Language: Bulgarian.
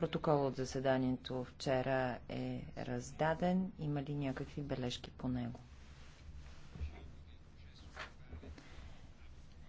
Протокол от заседанието вчера е раздаден. Има ли някакви бележки по него?